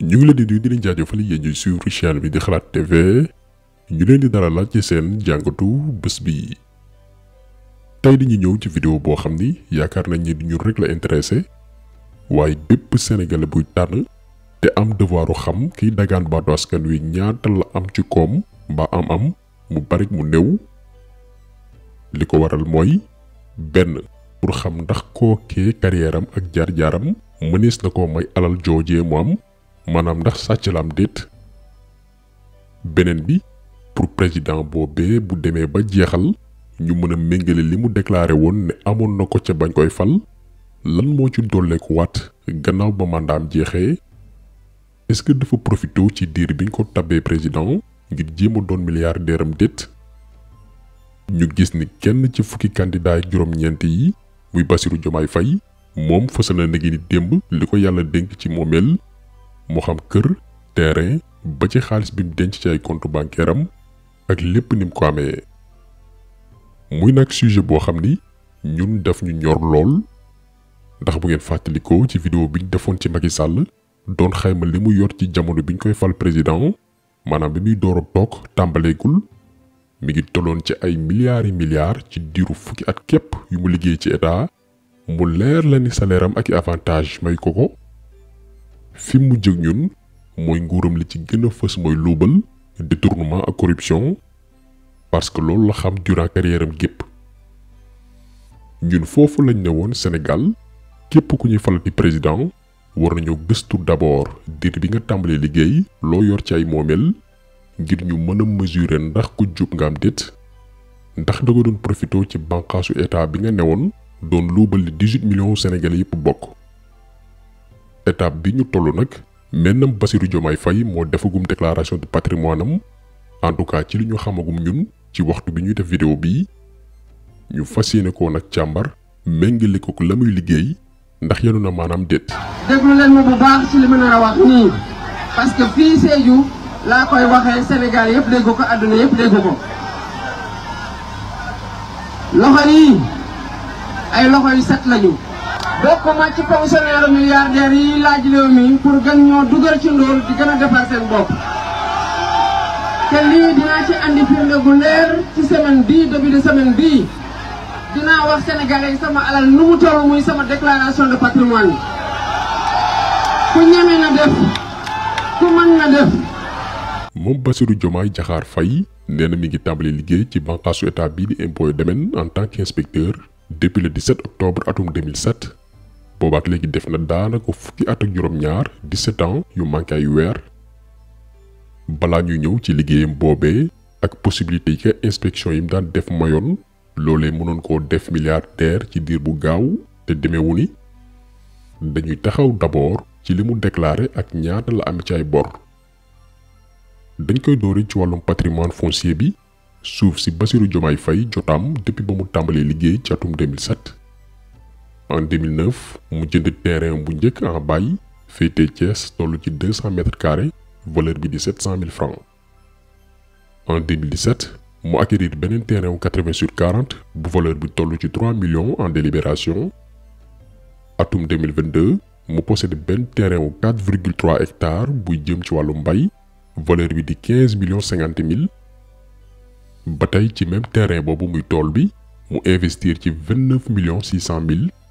ñu ngi leen di nuyu di leen jaajëfal yéen ñuy suivre chaîne bi di xalaat TV ñu leen di dara dalal ci seen jàngatu bés bi. tey dañuy ñëw ci vidéo boo xam ni yaakaar nañ ni ñu rek la intéressé waaye bépp sénégalais buy tànn te am devoiru xam kiy dagaan baatu askan wi ñaata la am ci koom mbaa am-am mu bari mu néew li ko waral mooy benn pour xam ndax kookee carrière am ak jaar-jaaram mënees na ko may alal joojee mu am. maanaam ndax sàcc la beneen bi pour président boobee bu demee ba jeexal ñu mëna méngale li mu déclaré woon ne amoon na ko ca bañ koy fal lan moo ci dolleeku waat gannaaw ba mandaam jeexee est-ce que dafa profité ci diir biñ ko tabee président ngir jéem doon milliardaire am déet ñu gis ni kenn ci fukki candidat yi juróom-ñeent yi muy Bassirou Diomaye Faye moom fësal na negi ni démb li ko yàlla dénk ci moomeel mo xam kër terrain ba ci xaalis bi mu denc ci ay compte bancaire am ak lépp nim ko amee muy nag sujet boo xam ni ñun daf ñu ñor lool ndax bu ngeen fàttalikoo ci vidéo biñ defoon ci Macky Sall doon xayma li yor ci jamono biñ koy fal président maanaam bi muy dooro a toog tàmbaleegul mi ngi tolloon ci ay milliards yi milliards ci diru fukki at képp yu mu liggéey ci état mu leer la salaire am ak avantage may ko fi mu jëg ñun mooy nguuram li ci gën a fës mooy luubal détournement ak corruption parce que loolu la xam durant carrière am gépp ñun foofu lañ ne woon sénégal képp ku ñuy falati président war nañu gëstu d'abord dir bi nga tàmbalee liggéey loo yor ci ay moomeel ngir ñu mën a mesurer ndax ku jub nga am ndax da nga doon profito ci état bi nga newoon doon luubal 18 millions sénégalais yépp bokk étape bi ñu tollu nak mennam Bassirou jomay fay mo defugum déclaration de patrimoine am en tout cas ci li ñu xamagum ñun ci waxtu bi ñuy def vidéo bi ñu fassiyene ko nak nag càmbar méngale ko la liggéey ndax yenu na manam det deglu len mo bu baax ci li meuna wax ni parce que fi Sédhiou la koy waxee Sénégal yëpp dégg ko aduna yëpp dégg ko loxo yi ay loxo yu set lañu bokkuma ci fonctionnaire milliardaire yi laaj réew mi pour gën ñoo dugal ci ndóol di gën a seen bopp te lii dinaa ci andi firnde gu leer ci semaine bii début de semaine bii dinaa wax sénégalais sama alal nu mu toll muy sama déclaration de patrimoine ku ñeme na def ku mën na def moom Bassirou Diomaye Diakhar Faye nee na mi ngi tàmbali liggéey ci bànqaasu état bii di impôt domaine en tant qu'inspecteur depuis le 17 octobre atum 2007 boobaat léegi def na daanako fukki at ak juróom-ñaar 17 ans yu manqué ay weer balaa ñuy ñëw ci liggéeyam boobee ak possibilité yi ka inspection yi mu daan def mayoon loolee mënoon koo def milliardaire ci diir bu gaaw te demeewu ni dañuy taxaw d'abord ci li mu déclaré ak ñaata la am ci ay bor dañ koy dóori ci wàllum patrimoine foncier bi suuf si Bassirou Diomaye Faye jotaam depuis ba mu tàmbalee liggéey ci atum 2007 en 2009 mu un terrain bu en de Thiès 200 mètres carrés valeur bi 700 000 francs en 2017 mu acquérir un terrain de 80 sur 40 bu valeur bi 3 millions en délibération En 2022 mu possède un terrain de 4,3 hectares bu jëm ci valeur bi 15 millions 50 000. même terrain bobu mu investir ci 29 millions 600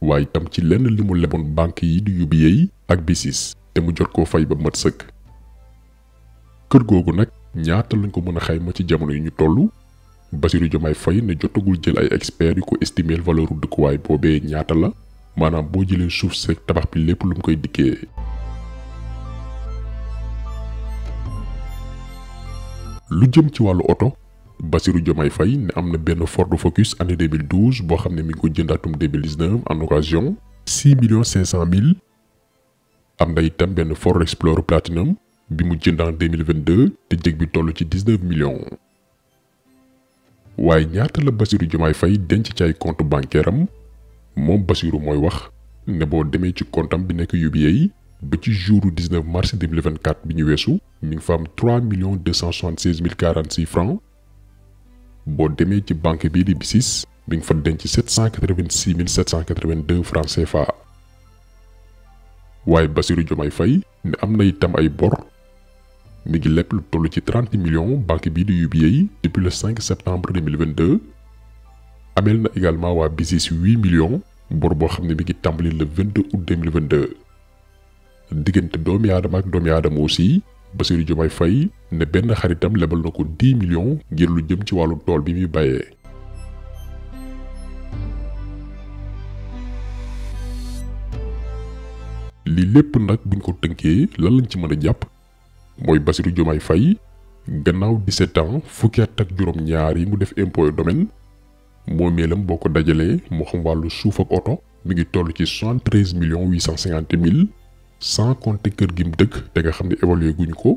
waaye itam ci lenn li mu leboon banque yi di UBA ak bisis te mu jot ko fay ba mat sëkk. kër googu nag ñaata lañ ko mën a xayma ci jamono yi ñu toll Bassirou Diomaye Faye ne jotagul jël ay experts yu ko estimer valeur dëkkuwaay boobee ñaata la maanaam boo jëlee suuf seeg tabax bi lépp lu mu koy dikkee. lu jëm ci wàllu oto. Bassirou Diomaye Faye ne am na benn Ford Focus année 2012 boo xam ne mi ngi ko jënd atum 2019 en occasion 6 millions 500 mille am na itam benn Ford Explorer Platinum bi mu jënd en 2022 te jëg bi toll ci 19 millions waaye ñaata la Bassirou Diomaye Faye denc ci ay compte bancaire am moom Bassirou mooy wax ne boo demee ci comptam bi nekk UBA ba ci jouru 19 mars 2024 bi ñu weesu mi ngi fa am 3 millions 276 bo demee ci banque bi di BICIS bi nga fa denc 786.782 francs CFA. waaye Bassirou Diomaye fay ne amna itam ay bor mi ngi lepp lu tollu ci 30 millions banque bii di UBA depuis le 5 septembre 2022 Amel na également wa Bisis 8 millions bor bo xamné mi ngi tambali le 22 août 2022 diggante doomi adam ak doomi adam aussi. Bassirou Diomaye fay ne benn xaritam lebal na ko 10 millions ngir lu jëm ci wàllu tool bi muy bàyyee. lii lépp nag buñ ko tënkee lan lañ ci mën a jàpp mooy Bassirou Diomaye Faye gannaaw 17 ans fukki at ak juróom ñaar yi mu def impôt domaine moomeelam boo ko dajalee mu xam wàllu suuf ak oto mi ngi toll ci 73 millions 850 mille. sans compter kër gi mu dëkk te nga xam ne évalué guñu ko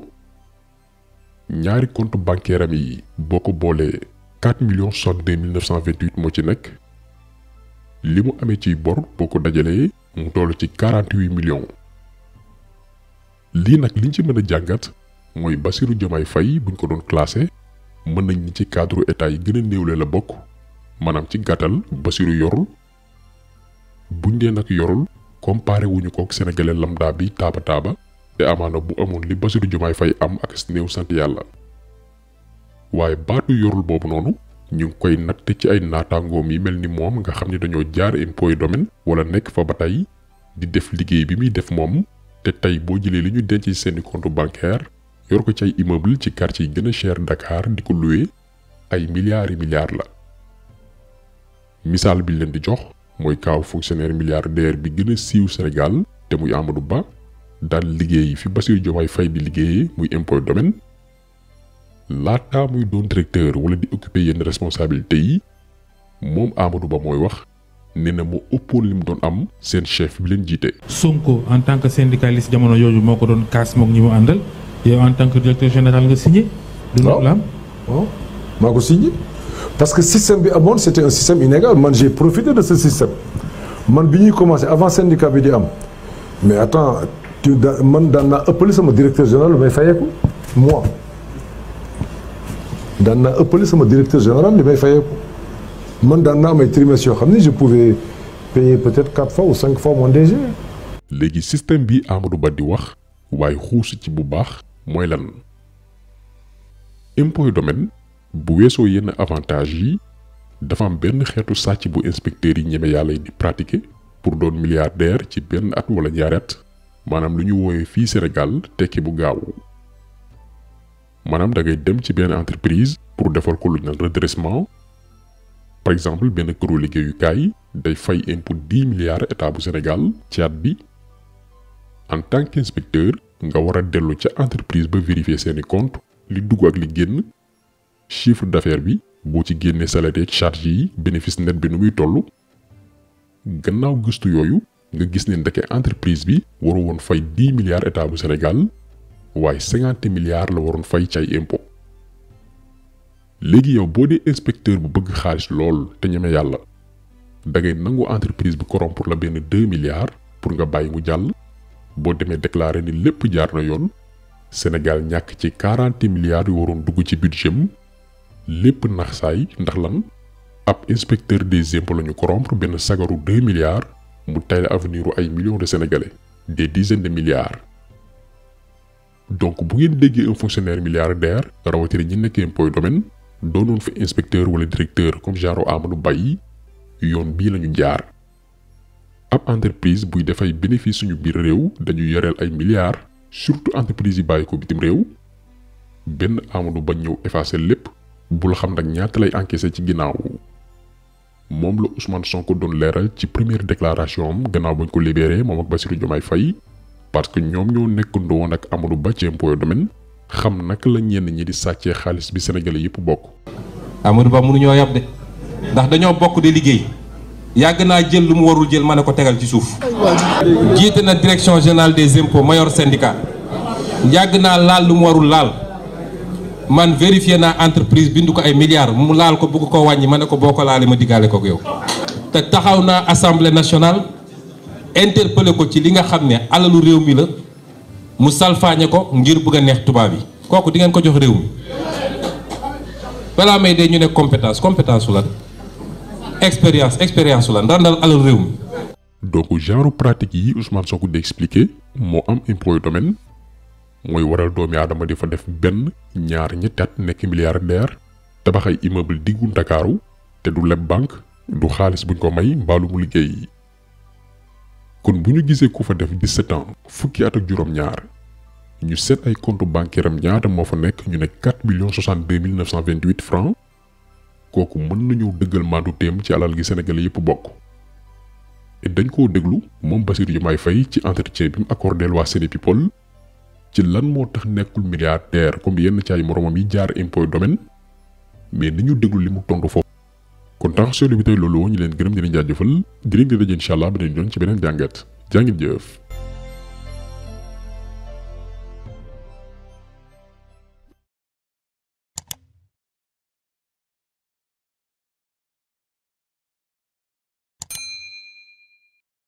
ñaari compte bancaire am yi boo ko boolee quatre millions soixante-deux mille cent vingt moo ci nekk li mu amee ci bor boo ko dajalee mu toll ci quarante-huit millions lii nag liñ ci mën a jàngat mooy Bassirou Diomaye Faye buñ ko doon classé mën nañ ni ci cadre état yi gën a la bokk maanaam ci gàttal Bassirou yorul buñ dee nag yorul comparé wuñu ko ak sénégalais lambda bi taaba taaba te amaana bu amoon li Bassirou Diomaye Faye am ak néew sant yàlla waaye baatu yorul boobu noonu ñu ngi koy natt ci ay naataangoom yi mel ni moom nga xam ne dañoo jaar impôts domaine wala nekk fa ba tey di def liggéey bi muy def moom te tey boo jëlee li ñu denc ci seeni compte bancaire yor ko ci ay immeuble ci quartier yi gën a cher Dakar di ko loué ay milliards et milliards la misaal bi leen di jox mooy kaaw fonctionnaire milliardaire bi gën a siiw Sénégal te muy Amadou Ba daan liggéey fi Bassirou Diomaye Faye di liggéeyee muy impôt domaine laata muy doon directeur wala di occuper yenn responsabilité yi moom Amadou Ba mooy wax nee na moo ëppoon li mu doon am seen chef bi leen jiite. Sonko en tant que syndicaliste jamono yooyu moo ko doon kaas moog ñi mu àndal yow en tant que directeur général nga signé. du la maa ko signé. parce que système bi c'était un système inégal Moi, j'ai profité de ce système Moi, j'ai commencé avant syndicat bi di mais attends tu dans daan naa mon sama directeur général mais may moi j'ai appelé mon sama directeur général li may fayeeku man dans naa am ay trimestres je pouvais payer peut-être quatre fois ou cinq fois mon DG. le système bi Amadou Ba di wax waaye xuusi ci bu baax mooy lan impôt domaine. bu weesoo yenn avantage yi dafa am benn xeetu sàcc bu inspecteur yi ñeme yàlla yi di pratiquer pour doon milliardaire ci benn at wala manam at maanaam lu ñu wooyee fii Sénégal tekki bu gaaw maanaam da ngay dem ci benn entreprise pour defal ko lu ñu redressement par exemple benn këru liggéeyukaay day fay impôt 10 milliards état bu Sénégal ci at bi en tant qu'inspecteur nga war a dellu ca entreprise ba vérifier seeni compte li dugg ak li génn chiffre d'affaires bi boo ci génnee salaire ak charge yi bénéfice net bi nu muy toll gannaaw gëstu yooyu nga gis ne ndeke entreprise bi waru woon fay 10 milliards état bu Sénégal waaye 50 milliards la waroon fay cay impôt léegi yow boo dee inspecteur bu bëgg xaalis lool te ñeme yàlla da ngay nangu entreprise bi corrompre la benn 2 milliards pour nga bàyyi mu jàll boo demee déclaré ni lépp jaar na yoon Sénégal ñàkk ci 40 milliards yu waroon dugg ci budget lépp nax saay ndax lan ab inspecteur des impôts la ñu corrompre benn sagaru 2 milliards mu tay la avenir u ay millions de sénégalais des dizaines de milliards donc bu ngeen déggee un fonctionnaire milliardaire rawatina ñi nekkee impôts domaine doonoon fi inspecteur wala directeur comme genre Amadou bay yi yoon bii lañu jaar ab entreprise buy defay bénéfice suñu biir réew dañuy yoreel ay milliards surtout entreprise yi bàyyi ko bitim réew benn Amadou Ba ñëw effacer lépp bul xam nag ñaata lay encaissé ci ginnaaw moom la Ousmane Sonko doon leeral ci première déclaration am gannaaw bañ ko libéré moom ak Bassirou Diomaye Faye parce que ñoom ñoo nekkandoo woon ak Amadou Ba ci Impôts et Domaines xam nag la ñenn ñi di sàccee xaalis bi Sénégalais yëpp bokk. Amadou Ba mënuñoo yab de ndax dañoo bokk di liggéey yàgg naa jël lu mu warul jël ma ne ko tegal ci suuf. jiite na direction générale des impôts mayor syndicat yàgg naa laal lu mu warul laal. man vérifié naa entreprise bindu ko ay milliards mu laal ko bugg ko wàññi ma ne ko boo ko laalee ma diggaale ko yow te taxaw naa assemblée nationale interpellé ko ci li nga xam ne alalu réew mi la mu salfaañe ko ngir bëgg a neex tubaab yi kooku di ngeen ko jox réew mi balaa may dee ñu ne compétence compétence su lan expérience expérience la lan randal alalu réew mi. donc genre pratique yi Ousmane Sonko di expliqué moo am impôt domaine. mooy waral doomi aadama di fa def benn ñaar ñetti at nekk milliardaire tabax ay immeuble diggu ndakaaru te du leb banque du xaalis buñ ko may mbaalu mu liggéey kon bu ñu gisee ku fa def 17 ans fukki at ak juróom-ñaar ñu seet ay compte bancaire ñaata moo fa nekk ñu ne 4 millions 62 mille 928 francs kooku mën nañu dëggal maandu téem ci alal gi Sénégalais yëpp bokk. et dañ koo déglu moom Bassirou Diomaye fay ci entretien bi mu accordé waa Séné People ci lan moo tax nekkul milliardaire comme yenn ci ay moromam yi jaar impôt domaine mais ñu déglu li mu tontu foofu. kon tax seetlu bi tey loolu ñu leen gërëm di leen jaajëfal di leen di daje incha allah beneen yoon ci beneen jàngat jàngit jëf.